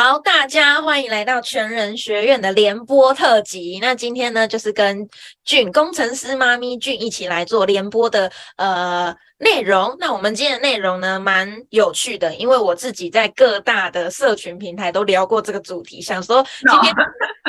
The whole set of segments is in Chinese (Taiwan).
好，大家歡迎來到全人學院的聯播特輯。那今天呢，就是跟俊工程師媽咪俊一起來做聯播的呃，內容。那我們今天的內容呢，蠻有趣的，因為我自己在各大的社群平台都聊過這個主題，想說今天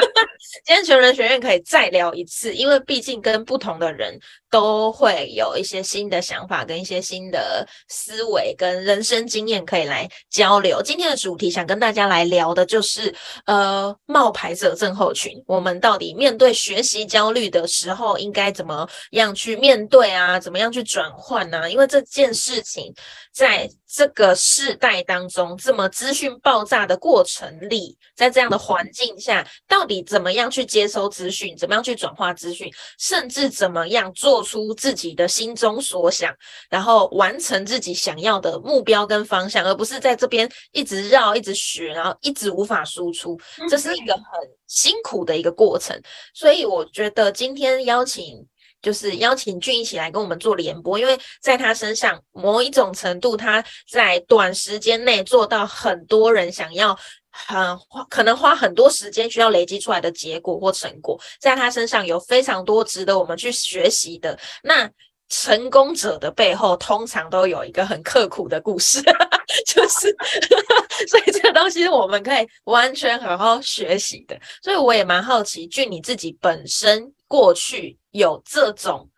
Oh. 今天全人學院可以再聊一次，因為畢竟跟不同的人都會有一些新的想法，跟一些新的思維，跟人生經驗可以來交流。今天的主題想跟大家來聊的就是，呃，冒牌者症候群。我們到底面對學習焦慮的時候，應該怎麼樣去面對啊？怎麼樣去轉換啊？因為這件事情在這個世代當中，這麼資訊爆炸的過程裡，在這樣的環境下，到底？怎麼樣去接收資訊？怎麼樣去轉化資訊？甚至怎麼樣做出自己的心中所想，然後完成自己想要的目標跟方向，而不是在這邊一直繞、一直學，然後一直無法輸出。這是一個很辛苦的一個過程。Okay. 所以我覺得今天邀請就是邀請俊一起來跟我們做聯播，因為在他身上某一種程度，他在短時間內做到很多人想要。很花，可能花很多時間，需要累積出來的結果或成果，在他身上有非常多值得我們去學習的。那成功者的背後，通常都有一個很刻苦的故事， 就是， 所以這個東西我們可以完全好好學習的。所以我也蠻好奇，據你自己本身過去有這種。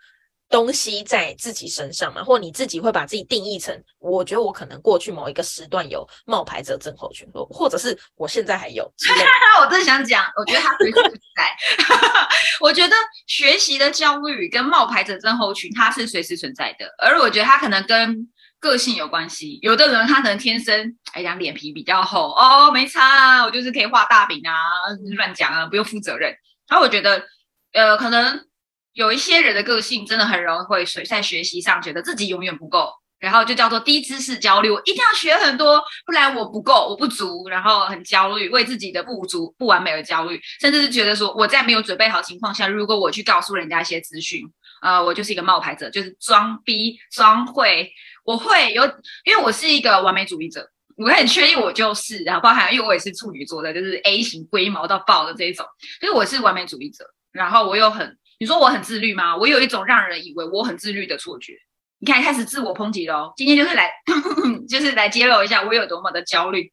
東西在自己身上嘛，或你自己會把自己定義成，我覺得我可能過去某一個時段有冒牌者症候群，或或者是我現在還有。是是 我真想講，我覺得他隨時存在。 我覺得學習的焦慮跟冒牌者症候群，它是隨時存在的。而我覺得他可能跟個性有關係，有的人他可能天生，哎呀，臉皮比較厚哦，沒差啊，我就是可以畫大餅啊，亂講啊，不用負責任。然後我覺得，呃，可能。有一些人的個性真的很容易會，所以在學習上覺得自己永遠不夠，然後就叫做低知識焦慮，我一定要學很多，不然我不夠，我不足，然後很焦慮，為自己的不足、不完美而焦慮，甚至是覺得說我在沒有準備好情況下，如果我去告訴人家一些資訊，呃，我就是一個冒牌者，就是裝逼、裝會，我會有，因為我是一個完美主義者，我很確定我就是，然後包含因為我也是處女座的，就是 A 型龜毛到爆的這一種，所以我是完美主義者，然後我又很。你說我很自律嗎？我有一種讓人以為我很自律的錯覺。你看，開始自我抨擊嘍。今天就是來，呵呵，就是來揭露一下我有多麼的焦慮。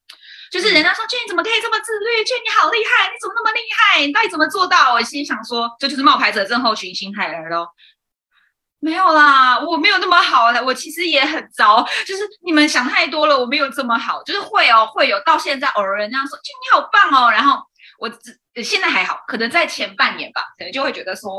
就是人家說：“俊、嗯，你怎麼可以這麼自律？”俊，你好厲害，你怎麼那麼厲害？你到底怎麼做到？我心裡想說，這就，就是冒牌者症候群心態嘍。沒有啦，我沒有那麼好。我其實也很糟。就是你們想太多了，我沒有這麼好。就是會哦，會有到現在偶爾人家說：“俊，你好棒哦。”然後。我現在還好，可能在前半年吧，可能就會覺得說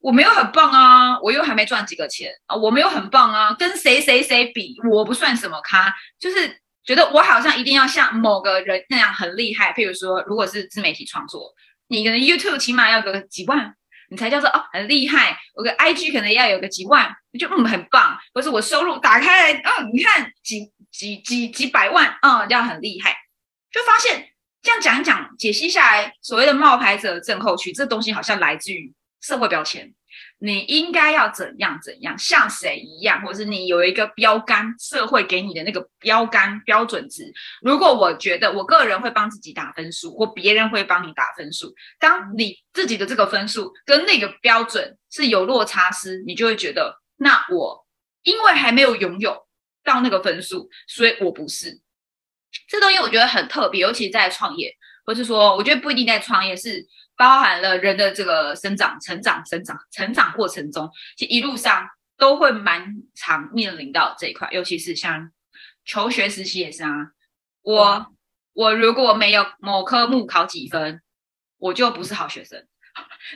我沒有很棒啊，我又還沒賺幾個錢啊，我沒有很棒啊，跟誰誰誰比，我不算什麼咖，就是覺得我好像一定要像某個人那樣很厲害。譬如說，如果是自媒體創作，你可能 YouTube 起碼要有個幾萬，你才叫做哦很厲害。我的 IG 可能要有個幾萬，你就嗯很棒，或是我收入打開來哦，你看幾幾幾幾百萬，啊，哦，這樣很厲害，就發現。這樣講一講，解析下來，所謂的冒牌者症候群，這東西好像來自於社會標籤。你應該要怎樣怎樣，像誰一樣，或是你有一個標杆，社會給你的那個標杆標準值。如果我覺得我個人會幫自己打分數，或別人會幫你打分數，當你自己的這個分數跟那個標準是有落差時，你就會覺得，那我因為還沒有擁有到那個分數，所以我不是。這東西我覺得很特別，尤其在創業，或是說，我覺得不一定在創業，是包含了人的這個生長、成長、生長、成長過程中，其實一路上都會蠻常面臨到這一塊，尤其是像求學時期也是啊，我我如果沒有某科目考幾分，我就不是好學生。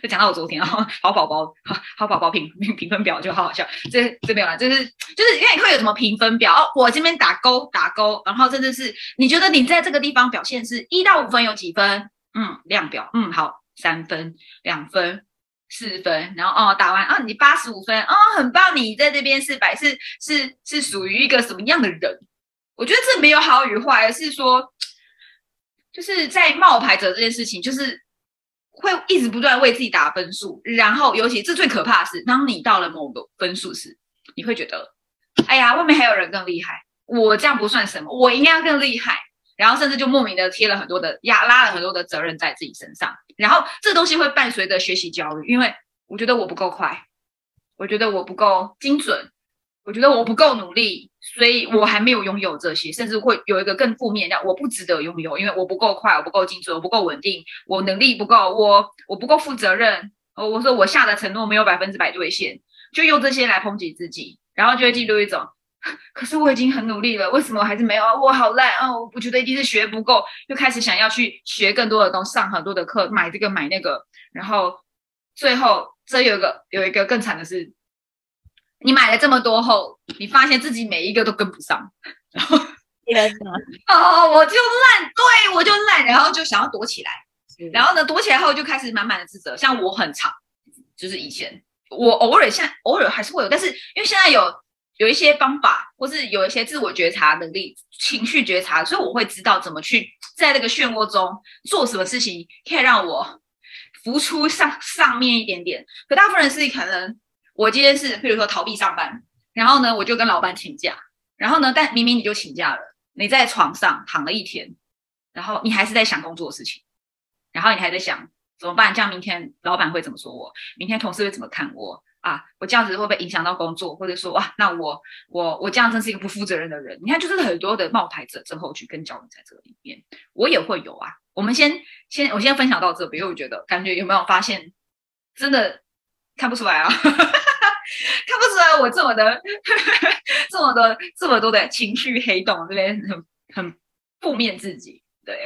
就講到我昨天，好寶寶，好寶寶評評分表就好好笑，這這沒有啦，就是就是因為你會有什麼評分表哦，我這邊打勾打勾，然後真的是你覺得你在這個地方表現是一到五分有幾分？嗯，量表，嗯，好，三分、兩分、四分，然後哦，打完啊、哦，你八十五分，哦，很棒，你在這邊四百，是百是是是屬於一個什麼樣的人？我覺得這沒有好與壞，而是說，就是在冒牌者這件事情，就是。會一直不斷為自己打分數，然後尤其這最可怕的是，當你到了某個分數時，你會覺得，哎呀，外面還有人更厲害，我這樣不算什麼，我應該要更厲害，然後甚至就莫名的貼了很多的壓，拉了很多的責任在自己身上，然後這東西會伴隨着學習焦慮，因為我覺得我不夠快，我覺得我不夠精準。我覺得我不夠努力，所以我還沒有擁有這些，甚至會有一個更負面的，我不值得擁有，因為我不夠快，我不夠精準，我不夠穩定，我能力不夠，我我不夠負責任，我我說我下的承諾沒有百分之百兌現，就用這些來抨擊自己，然後就會進入一種，可是我已經很努力了，為什麼我還是沒有？我好爛啊！我覺得一定是學不夠，又開始想要去學更多的東西，上很多的課，買這個買那個，然後最後這有一個有一個更慘的是。你買了這麼多後，你發現自己每一個都跟不上，然後 Yes. 哦，我就爛，對，我就爛，然後就想要躲起來，mm. 然後呢，躲起來後就開始滿滿的自責，像我很常，就是以前我偶爾像，像偶爾還是會有，但是因為現在有有一些方法，或是有一些自我覺察能力、情緒覺察，所以我會知道怎麼去在這個漩渦中做什麼事情可以讓我浮出上上面一點點，可大部分人是可能。我今天是，譬如說逃避上班，然後呢，我就跟老板請假，然後呢，但明明你就請假了，你在床上躺了一天，然後你還是在想工作的事情，然後你還在想怎麼辦？這樣明天老板會怎麼說我？明天同事會怎麼看我啊？我這樣子會不會影響到工作？或者說哇，那我我我這樣真是一個不負責任的人。你看，就是很多的冒牌者症候群跟焦慮在這裡面，我也會有啊。我們先先我先分享到這邊，我覺得感覺，有沒有發現，真的看不出來啊。 看不出來我這麼的、呵呵，這麼多這麼多的情緒黑洞這很，這邊很負面自己，對。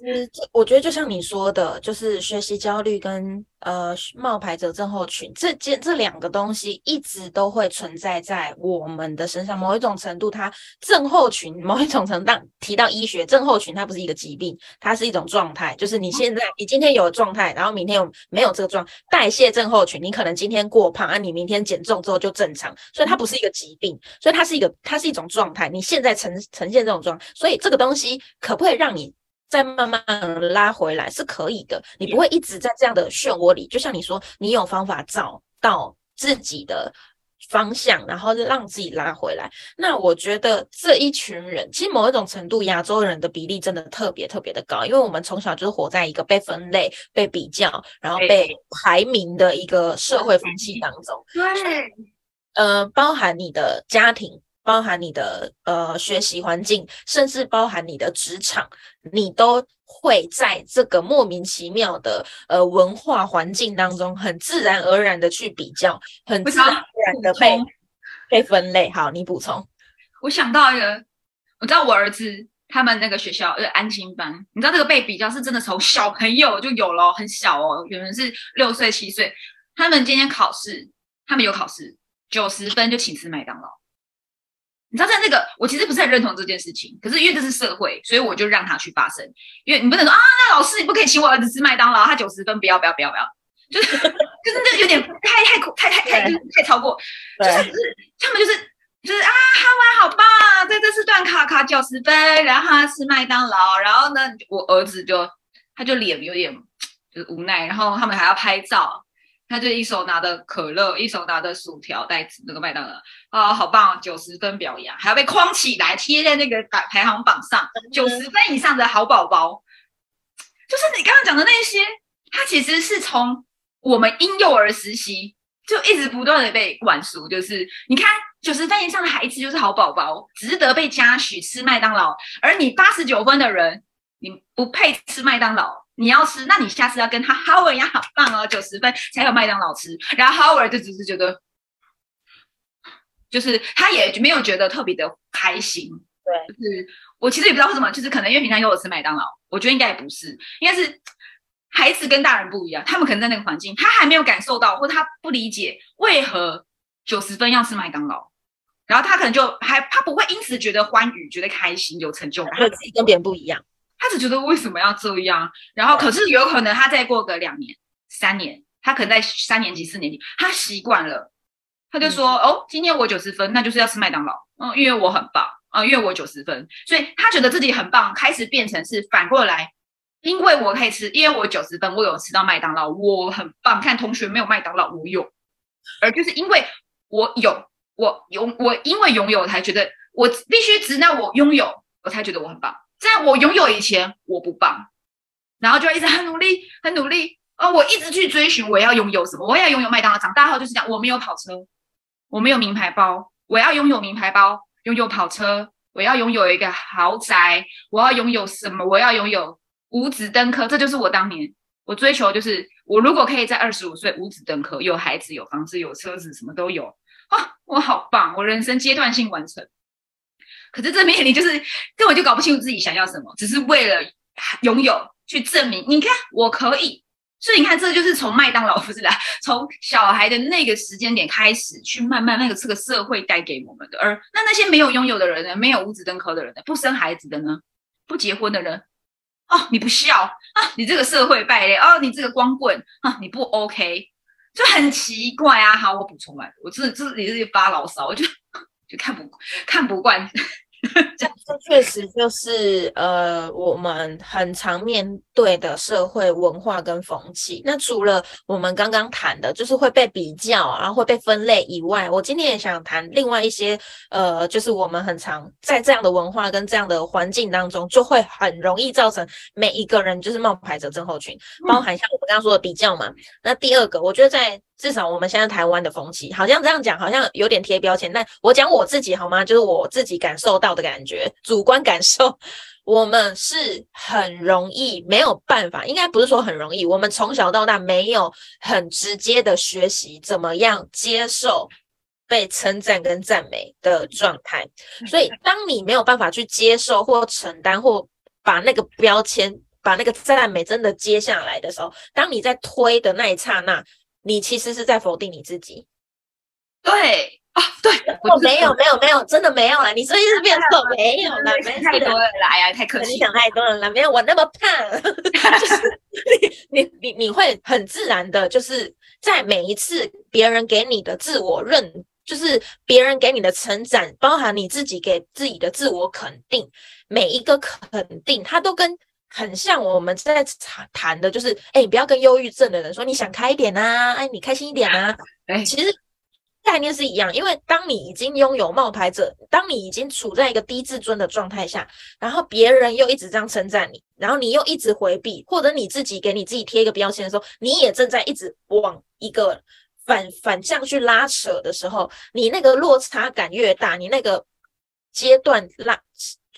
嗯，這我覺得就像你說的，就是學習焦慮跟呃冒牌者症候群這件這兩個東西一直都會存在在我們的身上。某一種程度，它症候群；某一種程當提到醫學症候群，它不是一個疾病，它是一種狀態。就是你現在你今天有狀態，然後明天有沒有這個狀態代謝症候群，你可能今天過胖啊，你明天減重之後就正常，所以它不是一個疾病，所以它是一個它是一種狀態。你現在呈呈現這種狀，所以這個東西可不可以讓你？再慢慢拉回來是可以的，你不會一直在這樣的漩渦裡。Yeah. 就像你說，你有方法找到自己的方向，然後讓自己拉回來。那我覺得這一群人，其實某一種程度，亞洲人的比例真的特別特別的高，因為我們從小就是活在一個被分類、被比較、然後被排名的一個社會風氣當中。對，嗯，包含你的家庭。包含你的呃學習環境，甚至包含你的職場，你都會在這個莫名其妙的呃文化環境當中，很自然而然的去比較，很自然而然的被被分類。好，你補充。我想到一個，我知道我兒子他們那個學校呃安親班，你知道這個被比較是真的從小朋友就有了哦，很小哦，有人是六歲七歲，他們今天考試，他們有考試，九十分就請吃麥當勞。你知道在那個，我其實不是很認同這件事情，可是因為這是社會，所以我就讓他去發生。因為你不能說啊，那老師你不可以請我兒子吃麥當勞，他九十分，不要不要不要不要，就是就是有點太太太太，就是，太超過， 就是，他，是他們就是就是啊，好吧好棒，在這四段卡卡九十分，然後他吃麥當勞，然後呢我兒子就他就臉有點就是無奈，然後他們還要拍照。他就一手拿着可樂，一手拿着薯條，帶那個麥當勞啊、哦，好棒、哦！九十分表揚，還要被框起來貼在那個排排行榜上，九十分以上的好寶寶，就是你剛剛講的那些。他其實是從我們嬰幼兒時期就一直不斷的被灌輸，就是你看九十分以上的孩子就是好寶寶，值得被嘉許吃麥當勞，而你八十九分的人，你不配吃麥當勞。你要吃，那你下次要跟他 Howard 一樣，好棒哦，九十分才有麥當勞吃。然後 Howard 就只是覺得，就是他也沒有覺得特別的開心。對，就是我其實也不知道為什麼，就是可能因為平常有吃麥當勞，我覺得應該也不是，應該是孩子跟大人不一樣，他們可能在那個環境，他還沒有感受到，或者他不理解為何九十分要吃麥當勞，然後他可能就還他不會因此覺得歡愉，覺得開心，有成就感，他自己跟別人不一樣。他只覺得為什麼要這樣？然後可是有可能他再過個兩年、三年，他可能在三年級、四年級，他習慣了，他就說：“嗯、哦，今天我九十分，那就是要吃麥當勞。”嗯，因為我很棒啊、嗯，因為我九十分，所以他覺得自己很棒，開始變成是反過來，因為我可以吃，因為我九十分，我有吃到麥當勞，我很棒。看同學沒有麥當勞，我有，而就是因為我有，我擁我因為擁有才覺得我必須直到我擁有，我才覺得我很棒。在我擁有以前，我不棒，然後就一直很努力，很努力啊、哦！我一直去追尋我要擁有什麼，我要擁有麥當勞。長大後就是講，我沒有跑車，我沒有名牌包，我要擁有名牌包，擁有跑車，我要擁有一個豪宅，我要擁有什麼？我要擁有五子登科。這就是我當年我追求，就是我如果可以在二十五歲五子登科，有孩子，有房子，有車子，什麼都有啊！我好棒，我人生階段性完成。可是這面你就是根本就搞不清楚自己想要什麼，只是為了擁有去證明。你看我可以，所以你看這就是從麥當勞不是來，從小孩的那個時間點開始去慢慢那個這個社會帶給我們的。而那那些沒有擁有的人呢？沒有五子登科的人呢？不生孩子的呢？不結婚的人哦，你不笑，啊！你這個社會敗類哦、啊！你這個光棍啊！你不 OK，就很奇怪啊！好，我補充完，我這這也是發牢騷，我就就，就看不看不慣。這這確 實就是呃，我們很常面對的社會文化跟風氣，那除了我們剛剛談的，就是會被比較、啊，然後會被分類以外，我今天也想談另外一些，呃，就是我們很常在這樣的文化跟這樣的環境當中，就會很容易造成每一個人就是冒牌者症候群，包含像我們剛剛說的比較嘛。那第二個，我覺得在至少我們現在台灣的風氣，好像這樣講好像有點貼標籤，但我講我自己好嗎？就是我自己感受到的感覺，主觀感受。我們是很容易沒有辦法，應該不是說很容易。我們從小到大沒有很直接地學習怎麼樣接受被稱讚跟讚美的狀態，所以當你沒有辦法去接受或承擔或把那個標籤、把那個讚美真的接下來的時候，當你在推的那一剎那，你其實是在否定你自己。對。啊，對，我沒有，沒有，沒有，真的沒有了。你最近變瘦，沒有了，沒太多了。哎呀，太可惜，你想太多了，沒有我那麼胖。就是你你你會很自然的，就是在每一次別人給你的自我認，就是別人給你的成長，包含你自己給自己的自我肯定，每一個肯定，它都跟很像我們現在談的，就是哎，你不要跟憂鬱症的人說你想開一點啊，哎，你開心一點啊，哎，其實。概念是一樣，因為當你已經擁有冒牌者，當你已經處在一個低自尊的狀態下，然後別人又一直這樣稱讚你，然後你又一直回避，或者你自己給你自己貼一個標籤的時候，你也正在一直往一個反反向去拉扯的時候，你那個落差感越大，你那個階段拉。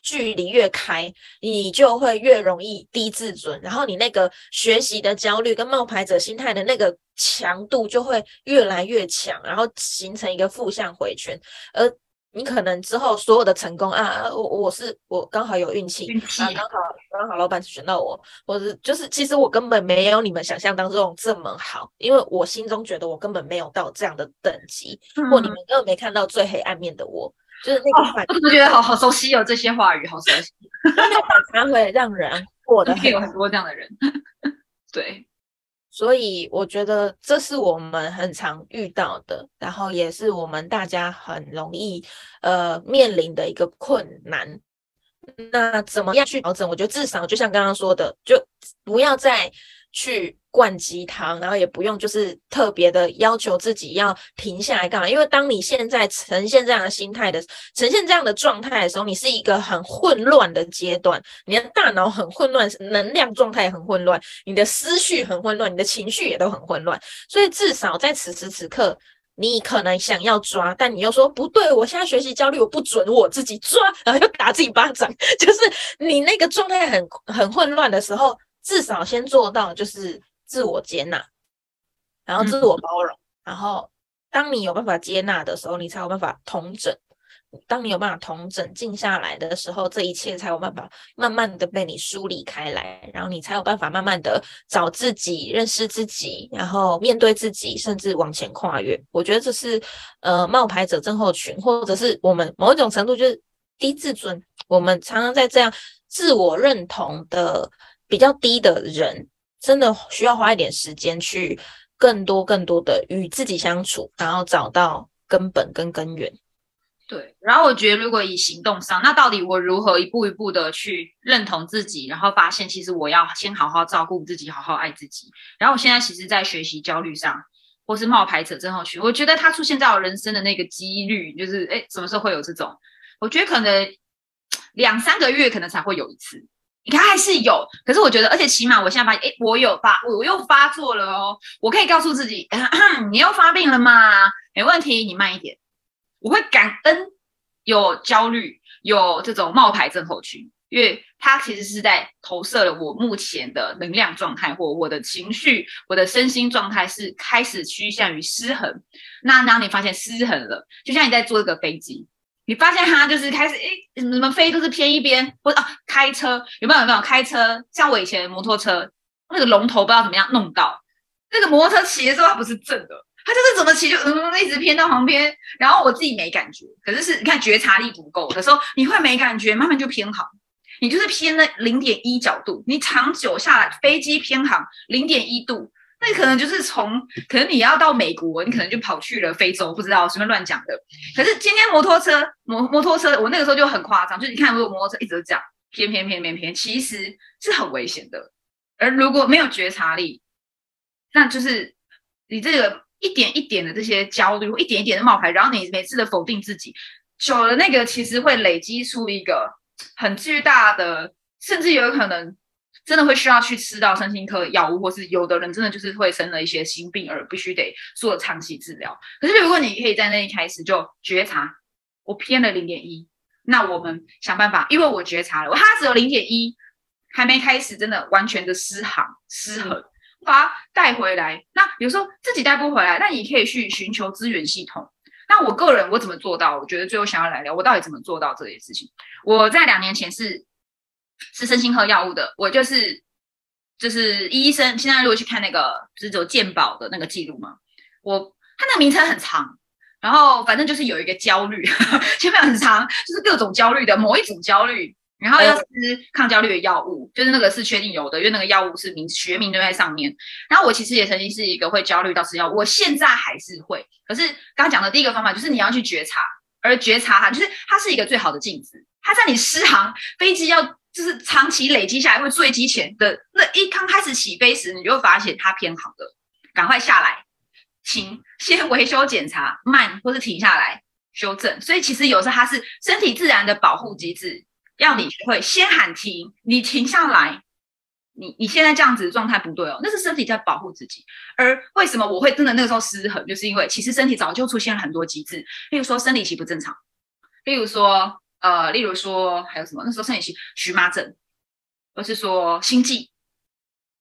距離越開，你就會越容易低自尊，然後你那個學習的焦慮跟冒牌者心態的那個強度就會越來越強，然後形成一個負向回圈。而你可能之後所有的成功啊，我我是我剛好有運氣啊，啊，剛好剛好老闆選到我，我是就是其實我根本沒有你們想象當中這麼好，因為我心中覺得我根本沒有到這樣的等級，嗯、或你們根本沒看到最黑暗面的我。就是那個反、哦，我怎麼覺得好好熟悉有、哦、這些話語，好熟悉。它會讓人過的，會有很多這樣的人。 對，所以我覺得這是我們很常遇到的，然後也是我們大家很容易呃面臨的一個困難。那怎麼樣去調整？我覺得至少就像剛剛說的，就不要再去。灌雞湯，然後也不用就是特別的要求自己要停下來幹嘛，因為當你現在呈現這樣的心態的，呈現這樣的狀態的時候，你是一個很混亂的階段，你的大腦很混亂，能量狀態也很混亂，你的思緒很混亂，你的情緒也都很混亂。所以至少在此時此刻，你可能想要抓，但你又說不對，我現在學習焦慮，我不准我自己抓，然後又打自己巴掌。就是你那個狀態很很混亂的時候，至少先做到就是。自我接納，然後自我包容，嗯、然後當你有辦法接納的時候，你才有辦法統整；當你有辦法統整、靜下來的時候，這一切才有辦法慢慢的被你梳理開來，然後你才有辦法慢慢的找自己、認識自己，然後面對自己，甚至往前跨越。我覺得這是呃，冒牌者症候群，或者是我們某一種程度就是低自尊。我們常常在這樣自我認同的比較低的人。真的需要花一點時間去更多更多的與自己相處，然後找到根本跟根源。對，然後我覺得如果以行動上，那到底我如何一步一步的去認同自己，然後發現其實我要先好好照顧自己，好好愛自己。然後我現在其實在學習焦慮上，或是冒牌者症候群，我覺得它出現在我人生的那個幾率，就是哎，什麼時候會有這種？我覺得可能兩三個月可能才會有一次。你看還是有，可是我覺得，而且起碼我現在發現，誒，我有發，我我又發作了哦。我可以告訴自己，咳咳，你又發病了嗎？沒問題，你慢一點。我會感恩，有焦慮，有這種冒牌症候群，因為它其實是在投射了我目前的能量狀態或我的情緒、我的身心狀態是開始趨向於失衡。那當你發現失衡了，就像你在坐這個飛機。你發現他就是開始，誒、欸,你們飛都是偏一邊，或者啊,開車有沒有有沒有開車？像我以前的摩托車那個龍頭不知道怎麼樣弄到,那個摩托車騎的時候，它不是正的,它就是怎麼騎就嗯、嗯一直偏到旁邊，然後我自己沒感覺，可是是你看覺察力不夠的時候，你會沒感覺，慢慢就偏航,你就是偏了零點一角度,你長久下來飛機偏航零點一度。那可能就是從，可能你要到美國，你可能就跑去了非洲，不知道隨便亂講的。可是今天摩托車，摩摩托車，我那個時候就很誇張，就是你看，如果摩托車一直這樣，偏偏偏偏偏，其實是很危險的。而如果沒有覺察力，那就是你這個一點一點的這些焦慮，一點一點的冒牌，然後你每次的否定自己，久了那個其實會累積出一個很巨大的，甚至有可能。真的會需要去吃到身心科的藥物，或是有的人真的就是會生了一些心病，而必須得做長期治療。可是如果你可以在那一開始就覺察，我偏了零點一，那我們想辦法，因為我覺察了，我它只有零點一，還沒開始，真的完全的失衡，失衡，把它帶回來。那有時候自己帶不回來，那你可以去尋求資源系統。那我個人我怎麼做到？我覺得最後想要來聊，我到底怎麼做到這些事情？我在兩年前是。是身心科藥物的，我就是就是醫生。現在如果去看那個，就是有健保的那個記錄嘛，我它那個名稱很長，然後反正就是有一個焦慮， 前面很長，就是各種焦慮的某一種焦慮，然後要吃抗焦慮的藥物，就是那個是確定有的，因為那個藥物是名學名就在上面。然後我其實也曾經是一個會焦慮到吃藥物，我現在還是會。可是剛,剛講的第一個方法就是你要去覺察，而覺察它，就是它是一個最好的鏡子，它在你失航飛機要。就是長期累積下來，會墜機前的那一剛開始起飛時，你就會發現它偏航了，趕快下來，停，先維修檢查，慢或是停下來修正。所以其實有時候它是身體自然的保護機制，要你會先喊停，你停下來，你你現在這樣子的狀態不對哦，那是身體在保護自己。而為什麼我會真的那個時候失衡，就是因為其實身體早就出現了很多機制，例如說生理期不正常，例如說。呃，例如說還有什麼？那時候生理期、蕁麻疹，或是說心悸，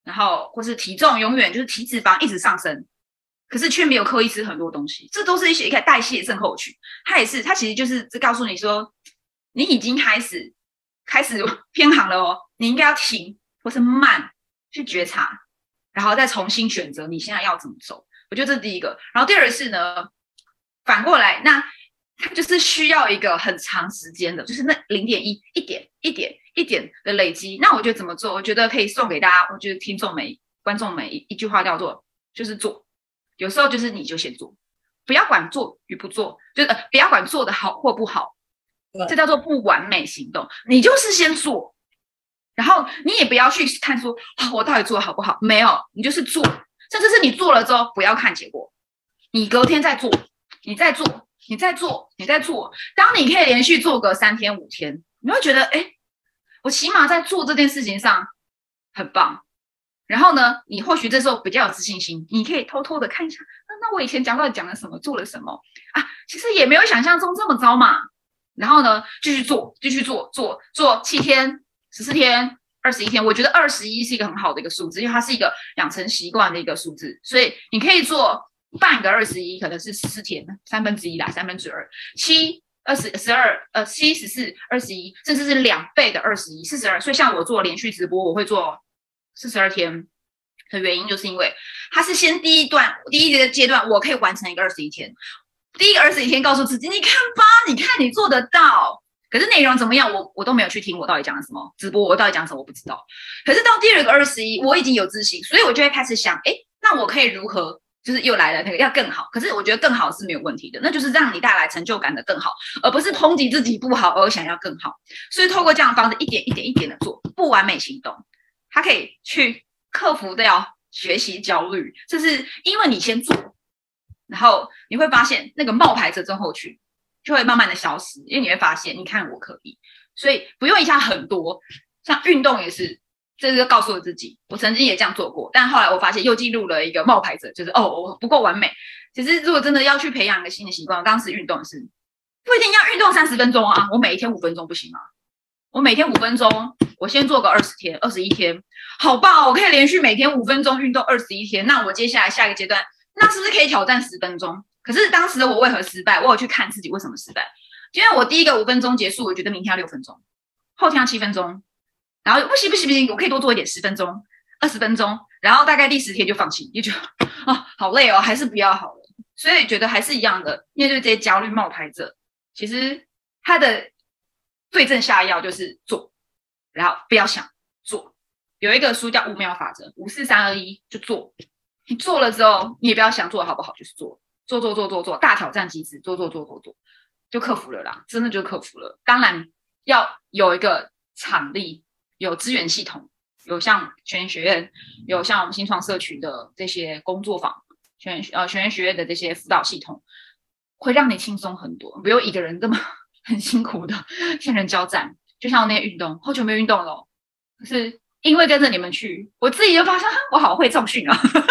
然後或是體重永遠就是體脂肪一直上升，可是卻沒有刻意吃很多東西，這都是一些代謝症候群。它也是，它其實就是告訴你說，你已經開始開始偏航了哦，你應該要停或是慢去覺察，然後再重新選擇你現在要怎麼走。我覺得這是第一個。然後第二個是呢，反過來那。它就是需要一個很長時間的，就是那零點一一點一點一點的累積。那我覺得怎麼做？我覺得可以送給大家，我覺得聽眾們、觀眾們一，一句話叫做：就是做，有時候就是你就先做，不要管做與不做，就呃不要管做得好或不好，這叫做不完美行動。你就是先做，然後你也不要去看說、哦，我到底做得好不好？沒有，你就是做，甚至是你做了之後不要看結果，你隔天再做，你再做。你在做，你在做。當你可以連續做個三天五天，你會覺得，哎，我起碼在做這件事情上很棒。然後呢，你或許這時候比較有自信心，你可以偷偷的看一下，啊，那我以前講到底講了什麼，做了什麼啊？其實也沒有想象中這麼糟嘛。然後呢，繼續做，繼續做，做做七天、十四天、二十一天。我覺得二十一是一個很好的一個數字，因為它是一個養成習慣的一個數字，所以你可以做。半個二十一可能是十四天，三分之一啦，三分之二七二十十二呃七十四二十一，7, 14, 21, 甚至是兩倍的二十一四十二。所以像我做連續直播，我會做四十二天的原因，就是因為它是先第一段第一階階段，我可以完成一個二十一天，第一個二十一天告訴自己，你看吧，你看你做得到。可是內容怎麼樣，我我都沒有去聽，我到底講了什麼直播，我到底講什麼我不知道。可是到第二個二十一，我已經有自信，所以我就會開始想，誒，那我可以如何？就是又來了那個要更好，可是我覺得更好是沒有問題的，那就是讓你帶來成就感的更好，而不是抨擊自己不好而想要更好。所以透過這樣的方式，一點一點一點的做不完美行動，它可以去克服掉學習焦慮，就是因為你先做，然後你會發現那個冒牌者症候群就會慢慢的消失，因為你會發現你看我可以，所以不用一下很多，像運動也是。這是告訴我自己，我曾經也這樣做過，但後來我發現又進入了一個冒牌者，就是哦，我不夠完美。其實如果真的要去培養一個新的習慣，我當時運動是不一定要運動三十分鐘啊，我每一天五分鐘不行嗎？啊？我每天五分鐘，我先做個二十天，二十一天，好棒，啊，我可以連續每天五分鐘運動二十一天。那我接下來下一個階段，那是不是可以挑戰十分鐘？可是當時我為何失敗？我有去看自己為什麼失敗，因為我第一個五分鐘結束，我覺得明天要六分鐘，後天要七分鐘。然後不行不行不行，我可以多做一點，十分鐘、二十分鐘，然後大概第十天就放棄，就覺得啊、哦、好累哦，還是不要好了。所以覺得還是一樣的，面對這些焦慮冒牌者，其實他的對症下藥就是做，然後不要想做。有一個書叫五秒法則，五四三二一就做。你做了之後，你也不要想做好不好，就是做做做做做做，大挑戰機制做做做做做，就克服了啦，真的就克服了。當然要有一個場力。有資源系統，有像全人學院，有像我們新創社群的這些工作坊，全呃全人學院的這些輔導系統，會讓你輕鬆很多，不用一個人這麼很辛苦的天人交戰。就像我那天運動，好久沒運動了，可是因為跟着你們去，我自己就發現我好會重訓啊，哈哈哈。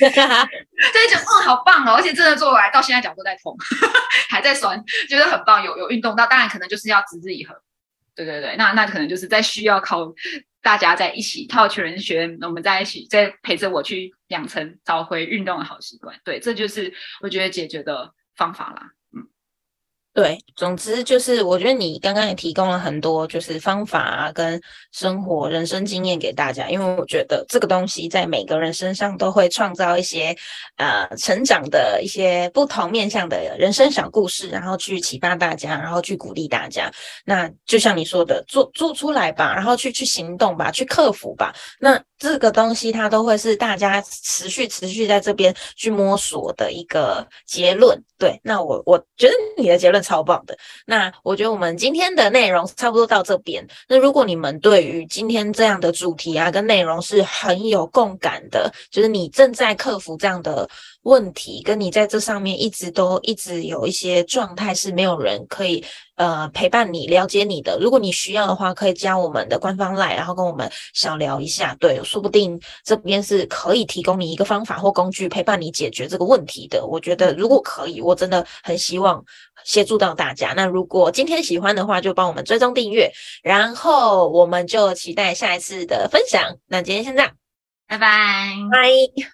這一種嗯、哦、好棒哦，而且真的做完到現在腳都在痛，還在酸，覺得很棒，有有運動到，當然可能就是要持之以恆。對對對，那那可能就是在需要靠大家在一起，靠全人學，我們在一起，再陪着我去養成找回運動的好習慣。對，這就是我覺得解決的方法啦。對，總之就是我覺得你剛剛也提供了很多就是方法啊，跟生活、人生經驗給大家，因為我覺得這個東西在每個人身上都會創造一些呃成長的一些不同面向的人生小故事，然後去啟發大家，然後去鼓勵大家。那就像你說的，做做出來吧，然後去去行動吧，去克服吧。那這個東西它都會是大家持續持續在這邊去摸索的一個結論。對，那我我覺得你的結論。超棒的！那我覺得我們今天的內容差不多到這邊。那如果你們對於今天這樣的主題啊，跟內容是很有共感的，就是你正在克服這樣的。問題跟你在這上面一直都一直有一些狀態是沒有人可以呃陪伴你了解你的。如果你需要的話，可以加我們的官方 LINE，然後跟我們小聊一下。對，說不定這邊是可以提供你一個方法或工具陪伴你解決這個問題的。我覺得如果可以，我真的很希望協助到大家。那如果今天喜歡的話，就幫我們追蹤訂閱，然後我們就期待下一次的分享。那今天先這樣，拜拜，拜。